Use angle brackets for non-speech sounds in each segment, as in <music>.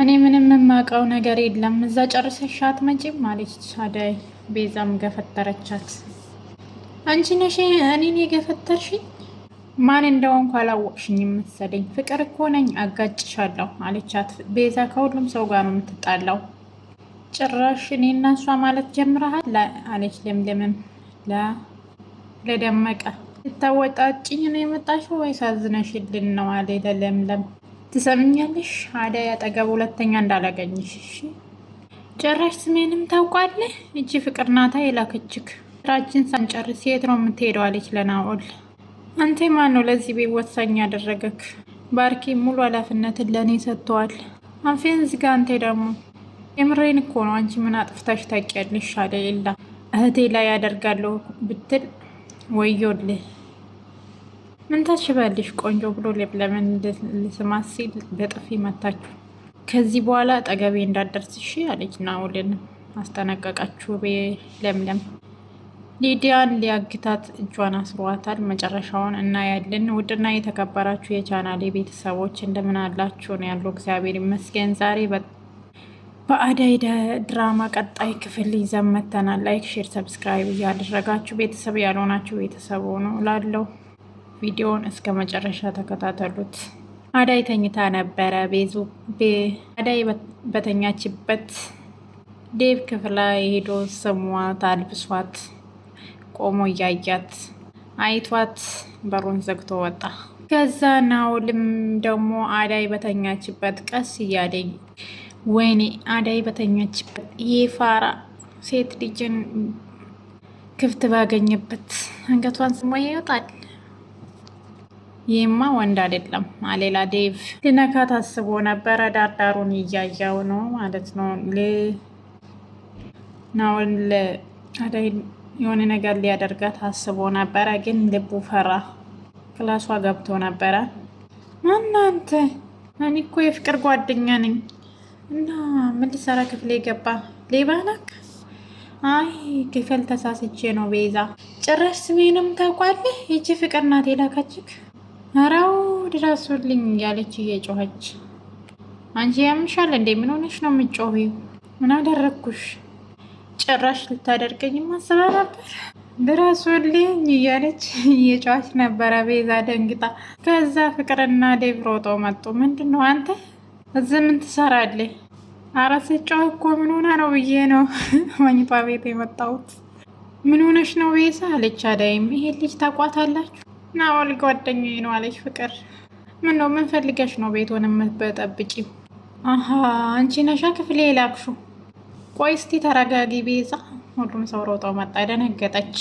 እኔ ምንም የማውቀው ነገር የለም እዛ ጨርሰሽ አትመጪም ማለች አደይ። ቤዛም ገፈተረቻት። አንቺ ነሽ እኔን የገፈተርሽኝ? ማን እንደሆንኩ አላወቅሽኝ መሰለኝ። ፍቅር እኮ ነኝ አጋጭሻለሁ አለቻት። ቤዛ ከሁሉም ሰው ጋር ነው የምትጣላው። ጭራሽ እኔ እና እሷ ማለት ጀምረሃል አለች። ለምለምም ለደመቀ ልታወጣጭኝ ነው የመጣሽው ወይስ አዝነሽልን ነው አለ ለለምለም ትሰምኛለሽ? አደይ አጠገብ ሁለተኛ እንዳላገኝሽ። ጭራሽ ስሜንም ታውቋለ እጅ ፍቅር ናታ የላከችክ። ስራችን ሳንጨርስ የት ነው የምትሄደው? አለች ለናኦል። አንተ ማን ነው ለዚህ ቤት ወሳኝ ያደረገክ? ባርኪ ሙሉ ኃላፊነትን ለእኔ ሰጥተዋል። አንፌን ዝጋ። አንተ ደግሞ የምሬን እኮ ነው። አንቺ ምን አጥፍታሽ ታውቂያለሽ? አደይ የላ እህቴ ላይ ያደርጋለሁ ብትል ወዮልህ ምን ታሽበልሽ ቆንጆ ብሎ ለብለምን ልስማት ሲል በጥፊ መታችሁ። ከዚህ በኋላ ጠገቤ እንዳደርስ እሺ አለች ናውልን አስጠነቀቃችሁ። ለምለም ሊዲያን ሊያግታት እጇን አስሯታል። መጨረሻውን እናያለን። ውድና የተከበራችሁ የቻናሌ ቤተሰቦች እንደምን አላችሁ ነው ያለው። እግዚአብሔር ይመስገን። ዛሬ በአደይ ድራማ ቀጣይ ክፍል ይዘን መጥተናል። ላይክ፣ ሼር፣ ሰብስክራይብ እያደረጋችሁ ቤተሰብ ያልሆናችሁ ቤተሰብ ሆኑ እላለሁ። ቪዲዮውን እስከ መጨረሻ ተከታተሉት። አዳይ ተኝታ ነበረ። ቤዙ አዳይ በተኛችበት ዴቭ ክፍለ ሄዶ ስሟት፣ አልብሷት፣ ቆሞ እያያት አይቷት በሩን ዘግቶ ወጣ። ከዛ ናውልም ደግሞ አዳይ በተኛችበት ቀስ እያደኝ ወይኔ አዳይ በተኛችበት የፋራ ሴት ልጅን ክፍት ባገኘበት አንገቷን ስሟ ይወጣል። ይህማ ወንድ አይደለም አሌላ ዴቭ ልነካ ታስቦ ነበረ። ዳርዳሩን እያያው ነው ማለት ነው። ናውን የሆነ ነገር ሊያደርጋት አስቦ ነበረ፣ ግን ልቡ ፈራ። ክላሷ ገብቶ ነበረ። እናንተ እኔ እኮ የፍቅር ጓደኛ ነኝ እና ምን ልሰራ ክፍሌ ገባ? ሌባ ናክ? አይ ክፍል ተሳስቼ ነው ቤዛ። ጭራሽ ስሜንም ታውቋለህ? ይቺ ፍቅር ናት የላከችክ አራው ድረሱልኝ እያለች እየጮኸች አንቺ ያምሻል እንዴ? ምን ሆነሽ ነው የምጮኸው? ምን አደረግኩሽ? ጭራሽ ልታደርገኝ ማስባ ነበር። ድረሱልኝ እያለች እየጮኸች ነበረ። ቤዛ ደንግጣ፣ ከዛ ፍቅርና ዴቭ ሮጦ መጡ። ምንድን ነው አንተ እዚህ ምን ትሰራለህ? ኧረ ስትጮህ እኮ ምን ሆና ነው ብዬ ነው መኝታ ቤት የመጣሁት። ምን ሆነሽ ነው ቤዛ አለች ዳይም ይሄ ልጅ ታቋታላችሁ? ናኦል ጓደኛዬ ነው አለች ፍቅር። ምን ነው ምን ፈልገሽ ነው ቤቱን የምትበጠብጪው? አሀ አንቺ ነሻ ክፍሌ የላክሽው። ቆይ እስቲ ተረጋጊ ቤዛ። ሁሉም ሰው ሮጠው መጣ። ደነገጠች።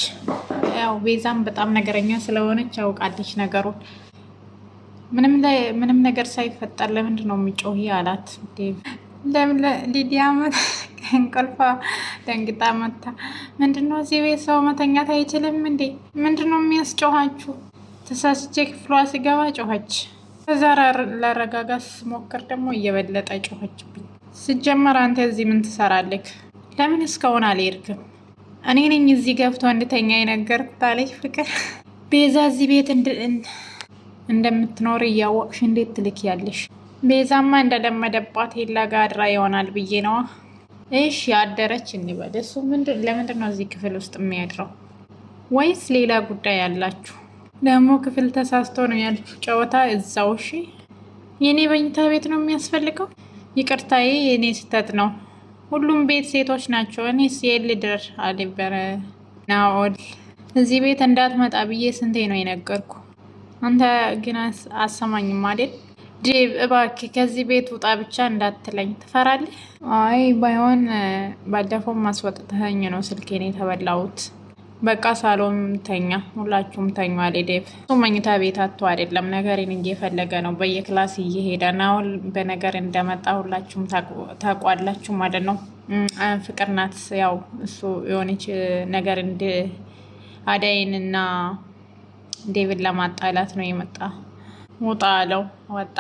ያው ቤዛም በጣም ነገረኛ ስለሆነች ያውቃለች ነገሩን። ምንም ነገር ሳይፈጠር ለምንድን ነው የሚጮህ አላት። ሊዲያ ከእንቅልፏ <laughs> ደንግጣ መታ። ምንድነው እዚህ ቤት ሰው መተኛት አይችልም እንዴ? ምንድነው የሚያስጮኋችሁ? ተሳስቼ ክፍሏ ስገባ ጮኸች። ከዛ ለረጋጋት ስሞክር ደግሞ እየበለጠ ጮኸችብኝ። ስጀመር አንተ እዚህ ምን ትሰራለህ? ለምን እስካሁን አልሄድክም? እኔ ነኝ እዚህ ገብቶ እንድተኛ የነገርኩት አለች ፍቅር። ቤዛ እዚህ ቤት እንደምትኖር እያወቅሽ እንዴት ትልክ ያለሽ? ቤዛማ እንደለመደባት ሄላ ጋር አድራ ይሆናል ብዬ ነዋ። እሽ ያደረች እንበል። እሱ ለምንድን ነው እዚህ ክፍል ውስጥ የሚያድረው? ወይስ ሌላ ጉዳይ አላችሁ? ደግሞ ክፍል ተሳስቶ ነው ያልኩህ። ጨዋታ እዛው እሺ። የእኔ መኝታ ቤት ነው የሚያስፈልገው? ይቅርታዬ የእኔ ስህተት ነው። ሁሉም ቤት ሴቶች ናቸው። እኔስ የልደር አሊበረ ናኦል እዚህ ቤት እንዳትመጣ ብዬ ስንቴ ነው የነገርኩ። አንተ ግን አሰማኝም አይደል? ዴቭ እባክህ ከዚህ ቤት ውጣ ብቻ እንዳትለኝ። ትፈራለህ? አይ ባይሆን ባለፈው ማስወጥተኸኝ ነው ስልኬን የተበላሁት። በቃ ሳሎን ተኛ፣ ሁላችሁም ተኙ አለ እሱ መኝታ ቤት አቶ አይደለም ነገሬን እየፈለገ ነው፣ በየክላስ እየሄደ ነው። በነገር እንደመጣ ሁላችሁም ታውቋላችሁ ማለት ነው። ፍቅር ናት ያው እሱ የሆነች ነገር አዳይንና ዴቪድ ለማጣላት ነው የመጣ። ውጣ አለው፣ ወጣ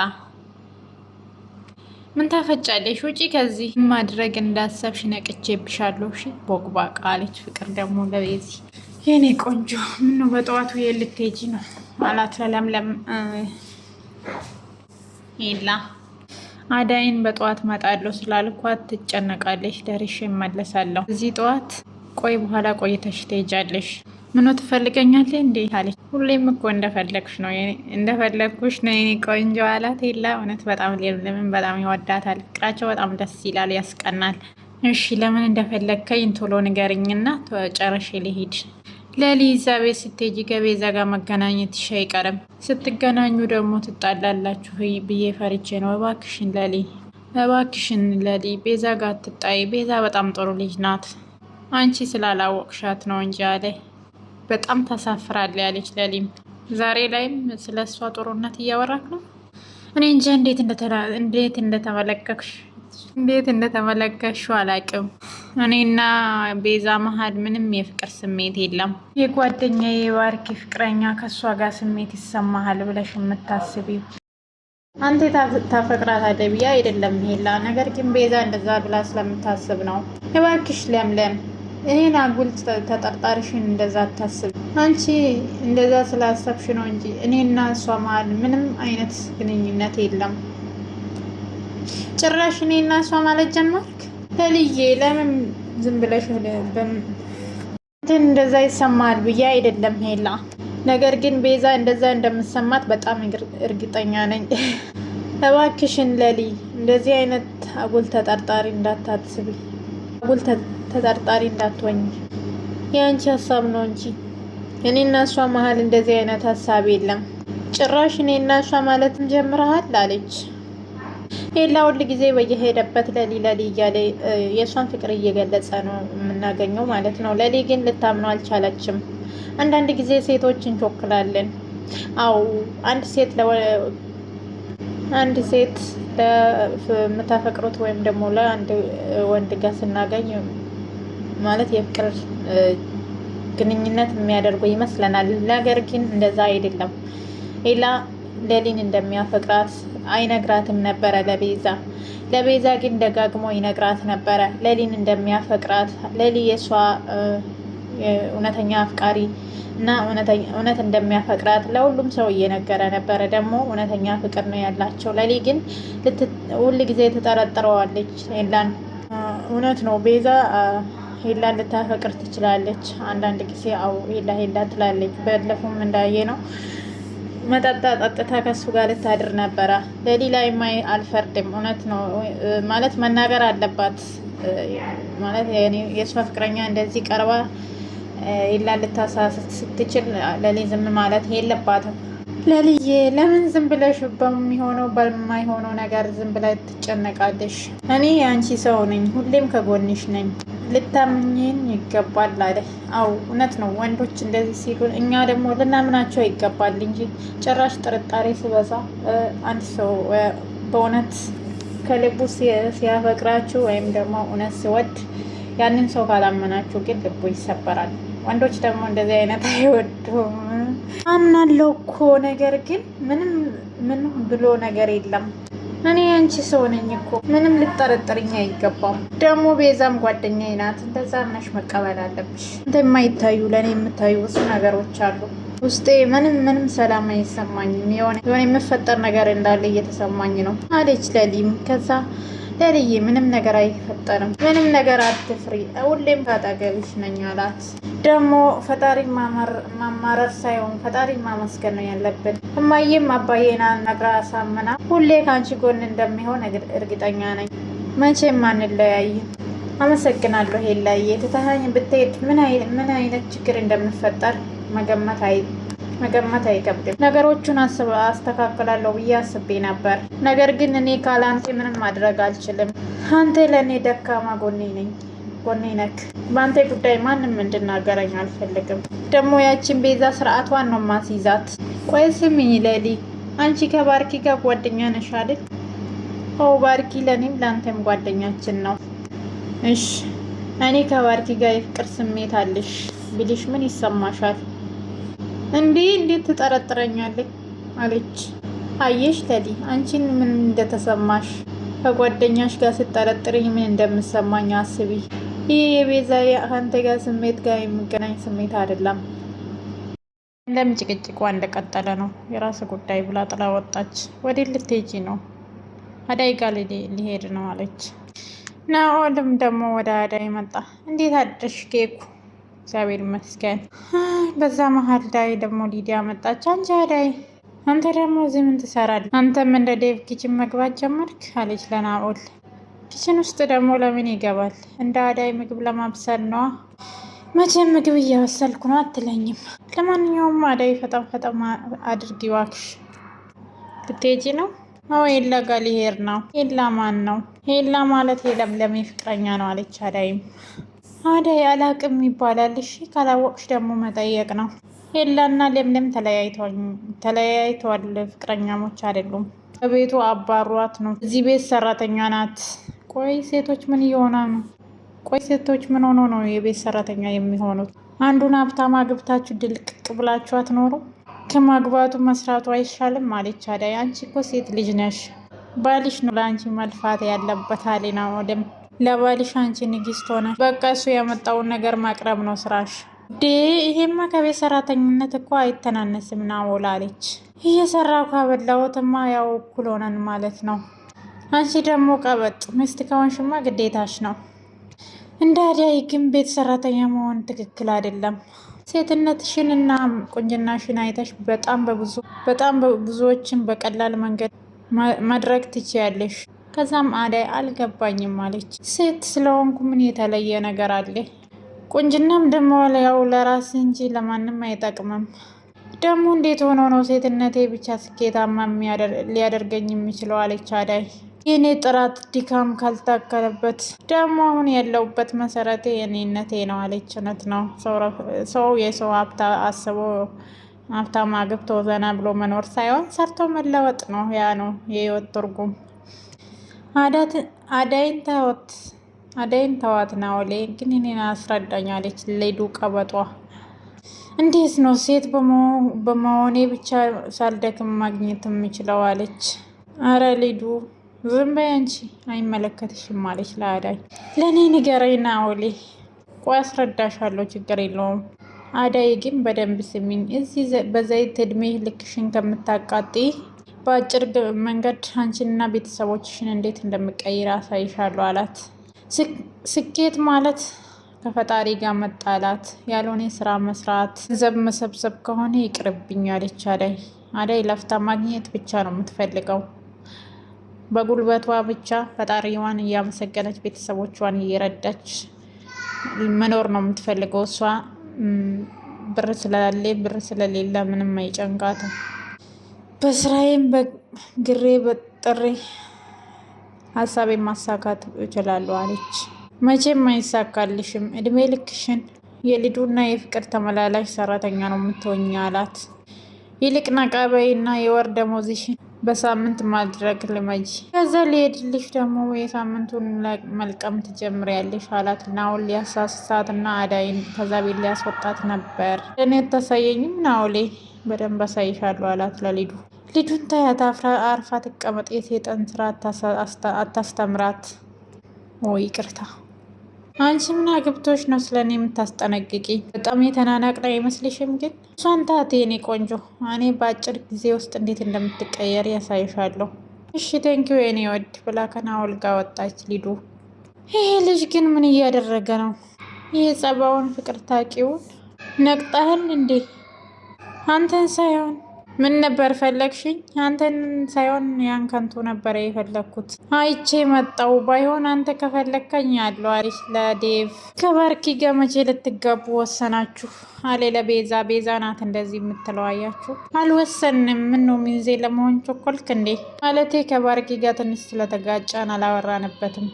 ምን ታፈጫለሽ? ውጪ ከዚህ ማድረግ እንዳሰብሽ ነቅቼብሻለሁ። እሺ ቦቅቧቃ አለች ፍቅር ደግሞ ለቤዚ የኔ ቆንጆ ምነው በጠዋቱ የልትሄጂ ነው አላት ለለምለም ይላ አዳይን በጠዋት መጣለሁ ስላልኳት ትጨነቃለች። ደርሼ እመለሳለሁ። እዚህ ጠዋት ቆይ፣ በኋላ ቆይተሽ ትሄጃለሽ። ምኖ ትፈልገኛለህ እንዴ አለች። ሁሌም እኮ እንደፈለግሽ ነው እንደፈለግኩሽ ነው የኔ ቆንጆ አላት። የላ እውነት በጣም ለምን በጣም ይወዳታል። ፍቅራቸው በጣም ደስ ይላል፣ ያስቀናል። እሺ ለምን እንደፈለግከኝ ቶሎ ንገርኝና ጨረሽ ልሄድ ለሊ እዛ ቤት ስትሄጂ ከቤዛ ጋር መገናኘትሽ አይቀርም። ስትገናኙ ደግሞ ትጣላላችሁ ብዬ ፈርቼ ነው። እባክሽን ለሊ፣ እባክሽን ለሊ ቤዛ ጋር ትጣይ። ቤዛ በጣም ጥሩ ልጅ ናት። አንቺ ስላላወቅሻት ነው እንጂ አለ በጣም ተሳፍራለ ያለች ለሊም ዛሬ ላይም ስለ እሷ ጦርነት እያወራክ ነው። እኔ እንጂ እንዴት እንደተመለከሽ እንዴት እንደተመለከሹ አላቅም። እኔና ቤዛ መሀል ምንም የፍቅር ስሜት የለም። የጓደኛ የባርኪ ፍቅረኛ ከእሷ ጋር ስሜት ይሰማሃል ብለሽ የምታስቢው አንተ ታፈቅራታለህ ብዬ አይደለም ሄላ። ነገር ግን ቤዛ እንደዛ ብላ ስለምታስብ ነው። የባርኪሽ ለምለም ይህን አጉል ተጠርጣሪሽን እንደዛ አታስብ። አንቺ እንደዛ ስላሰብሽ ነው እንጂ እኔና እሷ መሀል ምንም አይነት ግንኙነት የለም። ጭራሽ እኔና እሷ ማለት ጀመርክ ለልዬ ለምን ዝም ብለሽ እንትን እንደዛ ይሰማል ብዬ አይደለም ሄላ። ነገር ግን ቤዛ እንደዛ እንደምሰማት በጣም እርግጠኛ ነኝ። እባክሽን ለሊ እንደዚህ አይነት አጉል ተጠርጣሪ እንዳታስቢ። አጉል ተጠርጣሪ እንዳትሆኝ የአንቺ ሀሳብ ነው እንጂ እኔ እና እሷ መሀል እንደዚህ አይነት ሀሳብ የለም። ጭራሽ እኔ እና እሷ ማለትም ጀምረሃል አለች። ሌላ ሁል ጊዜ በየሄደበት ለሊ ለሊ እያለ የእሷን ፍቅር እየገለጸ ነው የምናገኘው ማለት ነው። ለሊ ግን ልታምነው አልቻለችም። አንዳንድ ጊዜ ሴቶች እንቾክላለን። አው አንድ ሴት አንድ ሴት ለምታፈቅሩት ወይም ደግሞ ለአንድ ወንድ ጋር ስናገኝ ማለት የፍቅር ግንኙነት የሚያደርጉ ይመስለናል። ነገር ግን እንደዛ አይደለም። ሌላ ሌሊን እንደሚያፈቅራት አይነግራትም ነበረ ለቤዛ ለቤዛ ግን ደጋግሞ ይነግራት ነበረ ሌሊን እንደሚያፈቅራት ሌሊ የእሷ እውነተኛ አፍቃሪ እና እውነት እንደሚያፈቅራት ለሁሉም ሰው እየነገረ ነበረ። ደግሞ እውነተኛ ፍቅር ነው ያላቸው። ሌሊ ግን ሁል ጊዜ ትጠረጥረዋለች። ሌላን እውነት ነው ቤዛ ሄላ ልታፈቅር ትችላለች። አንዳንድ ጊዜ አው ሄላ ሄላ ትላለች። በለፉም እንዳየ ነው መጠጣ ጠጥታ ከሱ ጋር ልታድር ነበረ። ለሌላ የማይ አልፈርድም። እውነት ነው ማለት መናገር አለባት ማለት የእሷ ፍቅረኛ እንደዚህ ቀርባ ሄላ ልታሳስት ስትችል ለሌ ዝም ማለት የለባትም። ለልዬ ለምን ዝም ብለሽ በሚሆነው በማይሆነው ነገር ዝም ብለሽ ትጨነቃለሽ? እኔ የአንቺ ሰው ነኝ፣ ሁሌም ከጎንሽ ነኝ፣ ልታምኝን ይገባል አለ። አው እውነት ነው። ወንዶች እንደዚህ ሲሉ እኛ ደግሞ ልናምናቸው ይገባል እንጂ ጭራሽ ጥርጣሬ ስበዛ አንድ ሰው በእውነት ከልቡ ሲያፈቅራችሁ ወይም ደግሞ እውነት ሲወድ ያንን ሰው ካላመናችሁ ግን ልቡ ይሰበራል። ወንዶች ደግሞ እንደዚህ አይነት አይወዱም። አምናለው እኮ ነገር ግን ምንም ምን ብሎ ነገር የለም። እኔ አንቺ ሰው ነኝ እኮ ምንም ልጠረጥርኝ አይገባም። ደግሞ ቤዛም ጓደኛዬ ናት። እንደዛ ነሽ መቀበል አለብሽ። የማይታዩ ለእኔ የምታዩ ብዙ ነገሮች አሉ። ውስጤ ምንም ምንም ሰላም አይሰማኝም። የሆነ የሆነ የምፈጠር ነገር እንዳለ እየተሰማኝ ነው አለች ለሊም ከዛ ሄልዬ ምንም ነገር አይፈጠርም፣ ምንም ነገር አትፍሪ፣ ሁሌም ካጠገብሽ ነኝ አላት። ደግሞ ፈጣሪ ማማረር ሳይሆን ፈጣሪ ማመስገን ነው ያለብን። እማዬም አባዬና ነግራ አሳምና ሁሌ ከአንቺ ጎን እንደሚሆን እርግጠኛ ነኝ። መቼም አንለያይም። አመሰግናለሁ ሄላዬ። ትተኸኝ ብትሄድ ምን አይነት ችግር እንደምፈጠር መገመት አይ መገመት አይከብድም። ነገሮቹን አስተካክላለሁ ብዬ አስቤ ነበር። ነገር ግን እኔ ካላንቴ ምንም ማድረግ አልችልም። አንተ ለእኔ ደካማ ጎኔ ነኝ ጎኔ ነክ። በአንተ ጉዳይ ማንም እንድናገረኝ አልፈልግም። ደግሞ ያችን ቤዛ ስርዓቷን ነው ማስይዛት። ቆይ ስሚኝ አንቺ ከባርኪ ጋር ጓደኛ ነሽ አይደል? ኦ ባርኪ ለእኔም ለአንተም ጓደኛችን ነው። እሽ እኔ ከባርኪ ጋር የፍቅር ስሜት አለሽ ብልሽ ምን ይሰማሻል? እንዴ እንዴት ትጠረጥረኛለች አለች። አየሽ ለሊ አንቺን ምን እንደተሰማሽ ከጓደኛሽ ጋር ስጠረጥርኝ ምን እንደምሰማኝ አስቢ። ይህ የቤዛ ከአንተ ጋር ስሜት ጋር የሚገናኝ ስሜት አይደለም። እንደም ጭቅጭቋ እንደቀጠለ ነው። የራስ ጉዳይ ብላ ጥላ ወጣች። ወዴ ልትሄጂ ነው? አዳይ ጋር ሊሄድ ነው አለች። ናኦልም ደግሞ ወደ አዳይ መጣ። እንዴት አደርሽ ኬኩ እግዚአብሔር ይመስገን። በዛ መሀል ላይ ደግሞ ሊዲያ መጣች። አንቺ አዳይ አንተ ደግሞ እዚህ ምን ትሰራለህ? አንተም እንደ ዴቭ ኪችን መግባት ጀመርክ አለች ለናኦል። ኪችን ውስጥ ደግሞ ለምን ይገባል? እንደ አዳይ ምግብ ለማብሰል ነዋ። መቼም ምግብ እያበሰልኩ ነው አትለኝም። ለማንኛውም አዳይ ፈጠን ፈጠም አድርጊ እባክሽ። ልትሄጂ ነው? አዎ የላ ጋሊሄር ሊሄድ ነው። ኤላ ማን ነው? ኤላ ማለት የለምለሜ ፍቅረኛ ነው አለች አዳይም አደይ አላቅም ይባላል። እሺ ካላወቅሽ ደግሞ መጠየቅ ነው። ሄላና ለምለም ተለያይተዋል፣ ፍቅረኛሞች አይደሉም። ከቤቱ አባሯት ነው። እዚህ ቤት ሰራተኛ ናት። ቆይ ሴቶች ምን እየሆነ ነው? ቆይ ሴቶች ምን ሆኖ ነው የቤት ሰራተኛ የሚሆኑት? አንዱን ሀብታም አግብታችሁ ድልቅቅ ብላችሁ አትኖሩ? ከማግባቱ መስራቱ አይሻልም? አለች አደይ። አንቺ እኮ ሴት ልጅ ነሽ። ባልሽ ነው ለአንቺ መልፋት ያለበት አሌና ወደም ለባልሽ አንቺ ንግስት ሆነ በቃ እሱ ያመጣውን ነገር ማቅረብ ነው ስራሽ። ዴ ይሄማ ከቤት ሰራተኝነት እኮ አይተናነስም። ናሞላ አለች። እየሰራው ካበላሁትማ ያው እኩል ሆነን ማለት ነው። አንቺ ደግሞ ቀበጥ ሚስት ከሆንሽማ ግዴታሽ ነው። እንደ አዳይ ግን ቤት ሰራተኛ መሆን ትክክል አይደለም። ሴትነትሽን እና ቁንጅናሽን አይተሽ በጣም በብዙ በጣም ብዙዎችን በቀላል መንገድ ማድረግ ትችያለሽ። ከዛም አዳይ አልገባኝም አለች። ሴት ስለሆንኩ ምን የተለየ ነገር አለ? ቁንጅናም ደሞ ያው ለራስ እንጂ ለማንም አይጠቅምም። ደግሞ እንዴት ሆኖ ነው ሴትነቴ ብቻ ስኬታማ ሊያደርገኝ የሚችለው? አለች አዳይ። የእኔ ጥራት ድካም ካልታከለበት ደግሞ አሁን ያለውበት መሰረቴ የኔነቴ ነው አለች። እውነት ነው ሰው የሰው ሀብታ አስቦ ሀብታም አግብቶ ዘና ብሎ መኖር ሳይሆን ሰርቶ መለወጥ ነው። ያ ነው የህይወት ትርጉም። አዳይን ተዋት ናኦሌ ግን እኔን አስረዳኝ አለች ሌዱ ቀበጧ። እንዴት ነው ሴት በመሆኔ ብቻ ሳልደክም ማግኘት የምችለው አለች። አረ ሌዱ ዝም በይ አንቺ አይመለከትሽም አለች ለአዳይ። ለእኔ ንገረኝ ናኦሌ ቆይ አስረዳሻለሁ ችግር የለውም አዳይ ግን በደንብ ስሚኝ፣ እዚህ በዘይት እድሜ ልክሽን ከምታቃጢ በአጭር መንገድ አንቺንና ቤተሰቦችሽን እንዴት እንደምቀይር አሳይሻለሁ አላት። ስኬት ማለት ከፈጣሪ ጋር መጣላት፣ ያልሆነ ስራ መስራት፣ ገንዘብ መሰብሰብ ከሆነ ይቅርብኝ አለች አደይ። አደይ ለፍታ ማግኘት ብቻ ነው የምትፈልገው። በጉልበቷ ብቻ ፈጣሪዋን እያመሰገነች ቤተሰቦቿን እየረዳች መኖር ነው የምትፈልገው። እሷ ብር ስለሌ ብር ስለሌለ ምንም አይጨንቃትም። በስራዬም በግሬ በጥሬ ሀሳቤን ማሳካት እችላለሁ አለች። መቼም አይሳካልሽም፣ እድሜ ልክሽን የልዱና የፍቅር ተመላላሽ ሰራተኛ ነው የምትሆኝ አላት። ይልቅ ነቃ በይና የወር ደመወዝሽን በሳምንት ማድረግ ልመጂ፣ ከዛ ሊሄድልሽ ደግሞ የሳምንቱን መልቀም ትጀምሪያለሽ አላት። ናውል ሊያሳስሳትና አዳይን ከዛ ቤት ሊያስወጣት ነበር። ለእኔ አታሳየኝም ናውሌ፣ በደንብ አሳይሻለሁ አላት ለሊዱ ልጁን ታያት አርፋ ትቀመጥ። የሴጠን ስራ አታስተምራት። ወይ ይቅርታ። አንቺ ምን አግብቶች ነው ስለ እኔ የምታስጠነቅቂ? በጣም የተናናቅን አይመስልሽም? ግን እሷን ታት የኔ ቆንጆ፣ እኔ በአጭር ጊዜ ውስጥ እንዴት እንደምትቀየር ያሳይሻለሁ። እሺ ቴንኪው የኔ ወድ ብላ ወልጋ ወጣች። ሊዱ ይሄ ልጅ ግን ምን እያደረገ ነው? ይህ ጸባውን ፍቅር ታቂውን ነቅጣህል እንዴ? አንተን ሳይሆን ምን ነበር ፈለግሽኝ? አንተን ሳይሆን ያን ከንቱ ነበረ የፈለግኩት። አይቼ መጣው። ባይሆን አንተ ከፈለግከኝ አለው አለች ለዴቭ። ከባርኪ ጋር መቼ ልትጋቡ ወሰናችሁ? አሌ ለቤዛ ቤዛ ናት እንደዚህ የምትለው አያችሁ። አልወሰንም። ነው ሚዜ ለመሆን ቸኮልክ እንዴ? ማለቴ ከባርኪ ጋር ትንሽ ስለተጋጫን አላወራንበትም።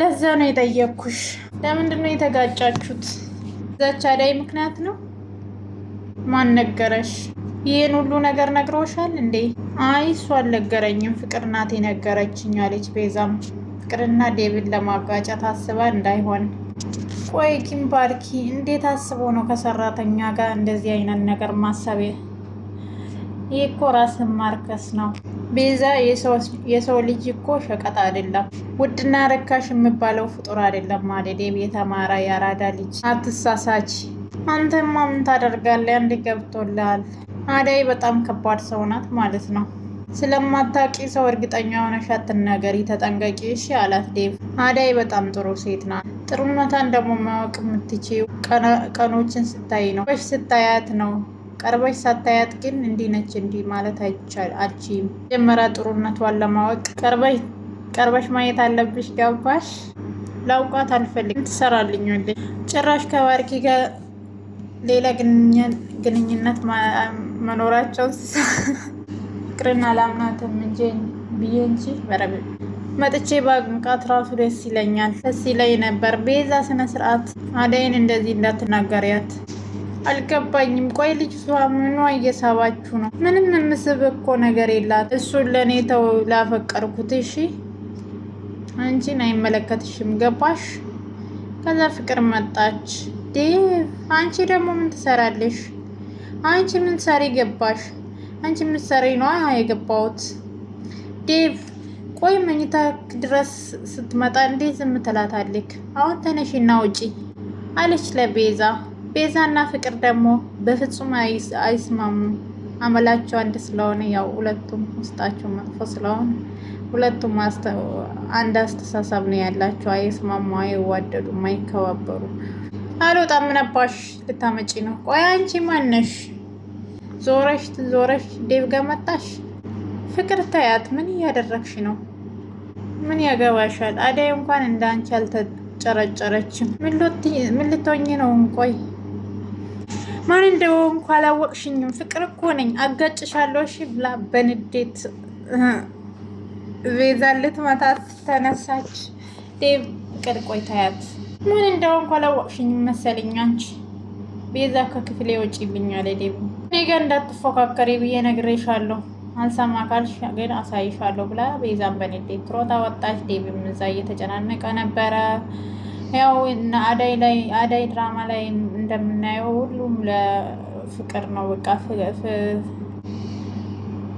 ለዛ ነው የጠየኩሽ ለምንድን ነው የተጋጫችሁት? ዛች አዳይ ምክንያት ነው? ማን ነገረሽ? ይህን ሁሉ ነገር ነግሮሻል እንዴ? አይ እሱ አልነገረኝም ፍቅር ናት የነገረችኝ አለች ቤዛም ፍቅርና ዴቪድ ለማጋጫ ታስባ እንዳይሆን ቆይ ኪም ባርኪ እንዴት አስቦ ነው ከሰራተኛ ጋር እንደዚህ አይነት ነገር ማሰብ? ይህ እኮ ራስን ማርከስ ነው ቤዛ። የሰው ልጅ እኮ ሸቀጥ አይደለም፣ ውድና ረካሽ የሚባለው ፍጡር አይደለም። ዴቪ፣ የተማረ የአራዳ ልጅ አትሳሳች። አንተማ ምን ታደርጋለህ? አንድ ገብቶልሃል። አዳይ በጣም ከባድ ሰው ናት ማለት ነው። ስለማታቂ ሰው እርግጠኛ ሆነሽ አትናገሪ፣ ተጠንቀቂ እሺ አላት ዴቭ። አዳይ በጣም ጥሩ ሴት ናት። ጥሩነቷን ደግሞ ማወቅ የምትች ቀኖችን ስታይ ነው፣ ቀርበሽ ስታያት ነው። ቀርበሽ ሳታያት ግን እንዲህ ነች እንዲህ ማለት አልችም። መጀመሪያ ጥሩነቷን ለማወቅ ቀርበሽ ማየት አለብሽ። ገባሽ? ላውቃት አልፈልግም። ትሰራልኛለች። ጭራሽ ከባርኪ ጋር ሌላ ግንኙነት መኖራቸውን ፍቅርና ላምናትም እንጂ ብዬ እንጂ በረብ መጥቼ በአቅምቃት ራሱ ደስ ይለኛል። ደስ ይለኝ ነበር። ቤዛ ስነ ስርዓት አደይን እንደዚህ እንዳትናገሪያት አልገባኝም። ቆይ ሷ ምኗ እየሳባችሁ ነው? ምንም የምስብ እኮ ነገር የላት። እሱን ለእኔ ተው ላፈቀርኩት። እሺ አንቺን አይመለከትሽም። ገባሽ? ከዛ ፍቅር መጣች። ዴቭ አንቺ ደግሞ ምን ትሰራለሽ? አንቺ ምን ሰሪ ገባሽ? አንቺ ምን ሰሪ ነው የገባሁት? ዴቭ ቆይ መኝታ ድረስ ስትመጣ እንዴት ዝም ትላታለች? አሁን ተነሽና ውጪ አለች ለቤዛ። ቤዛና ፍቅር ደግሞ በፍጹም አይስማሙም። አመላቸው አንድ ስለሆነ ያው ሁለቱም ውስጣቸው መጥፎ ስለሆነ ሁለቱም አንድ አስተሳሰብ ነው ያላቸው። አይስማሙ፣ አይዋደዱም፣ አይከባበሩም። አልወጣም። ምን አባሽ ልታመጪ ነው? ቆይ አንቺ ማነሽ? ዞረሽ ዞረሽ ዴቭ ጋር መጣሽ። ፍቅር ታያት ምን እያደረግሽ ነው? ምን ያገባሻል? አደይ እንኳን እንዳንቺ አልተጨረጨረችም። ምን ልትሆኚ ነው? እንቆይ ማን እንደው እንደሆንኩ አላወቅሽኝም። ፍቅር እኮ ነኝ። አጋጭሻለሁ እሺ ብላ በንዴት ቤዛን ልትመታት ተነሳች። ዴቭ ቅድ ቆይ ታያት ምን እንደው እንደሆንኩ አላወቅሽኝም መሰለኝ አንቺ ቤዛ ከክፍሌ ውጪ ብኛለ ዴቭ እኔ ጋር እንዳትፎካከሪ ብዬ ነግሬሻለሁ። አልሰማ ካልሽ ግን አሳይሻለሁ ብላ ቤዛን በንዴት ትሮጣ ወጣች። ዴቪም እዛ እየተጨናነቀ ነበረ። ያው አደይ ላይ አደይ ድራማ ላይ እንደምናየው ሁሉም ለፍቅር ነው በቃ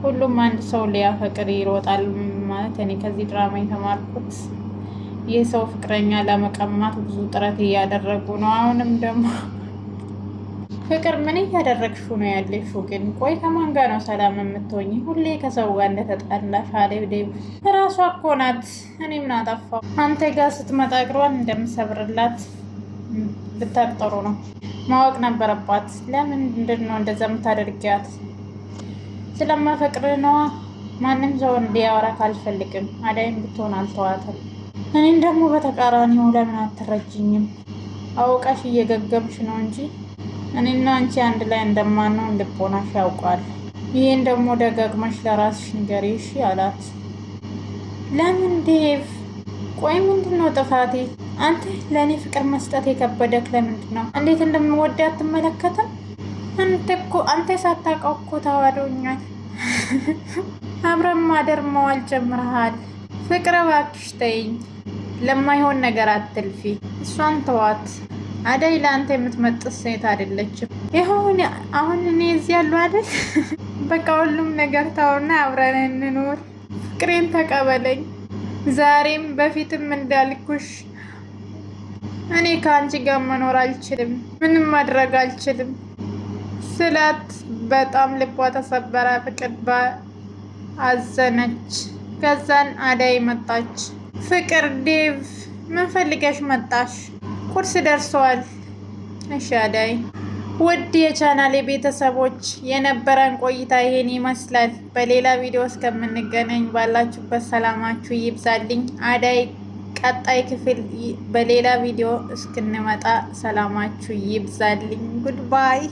ሁሉም አንድ ሰው ሊያፈቅር ይሮጣል ማለት እኔ ከዚህ ድራማ የተማርኩት ይህ ሰው ፍቅረኛ ለመቀማት ብዙ ጥረት እያደረጉ ነው። አሁንም ደግሞ ፍቅር ምን እያደረግሹ ነው ያለሹ? ግን ቆይ ከማን ጋር ነው ሰላም የምትሆኝ? ሁሌ ከሰው ጋር እንደተጣላሽ አደብደብ። ዴብ። እራሷ እኮ ናት። እኔ ምን አንተ ጋር ስትመጣ እግሯን እንደምሰብርላት ብታቅጠሩ ነው ማወቅ ነበረባት። ለምንድን ነው እንደዛ የምታደርጊያት? ስለማፈቅር ነዋ። ማንም ሰው እንዲያወራ አልፈልግም። አዳይም ብትሆን አልተዋትም። እኔም ደግሞ በተቃራኒው ለምን አትረጅኝም? አውቀሽ እየገገምሽ ነው እንጂ እኔና አንቺ አንድ ላይ እንደማንሆን ልቦናሽ ያውቃል። ይህን ደግሞ ደጋግመሽ ለራስሽ ንገሪ እሺ አላት። ለምን ዴቭ? ቆይ ምንድን ነው ጥፋቴ? አንተ ለእኔ ፍቅር መስጠት የከበደክ ለምንድን ነው? እንዴት እንደምወድ አትመለከትም? አንተ ሳታውቀው እኮ ተዋዶኛል። <laughs> አብረን ማደር መዋል ጀምረሃል። ፍቅረ እባክሽ ተይኝ። ለማይሆን ነገር አትልፊ። እሷን ተዋት። አደይ ለአንተ የምትመጥስ ሴት አይደለችም። ይሁን አሁን እኔ እዚህ ያለው አደል <laughs> በቃ ሁሉም ነገር ታውና አብረን እንኖር፣ ፍቅሬን ተቀበለኝ። ዛሬም በፊትም እንዳልኩሽ እኔ ከአንቺ ጋር መኖር አልችልም፣ ምንም ማድረግ አልችልም ስላት በጣም ልቧ ተሰበረ። ፍቅር አዘነች። ከዛን አደይ መጣች። ፍቅር ዴቭ ምን ፈልገሽ መጣሽ? ቁርስ ደርሰዋል። እሻዳይ ውድ የቻናሌ ቤተሰቦች የነበረን ቆይታ ይሄን ይመስላል። በሌላ ቪዲዮ እስከምንገናኝ ባላችሁበት ሰላማችሁ ይብዛልኝ። አዳይ ቀጣይ ክፍል በሌላ ቪዲዮ እስክንመጣ ሰላማችሁ ይብዛልኝ። ጉድባይ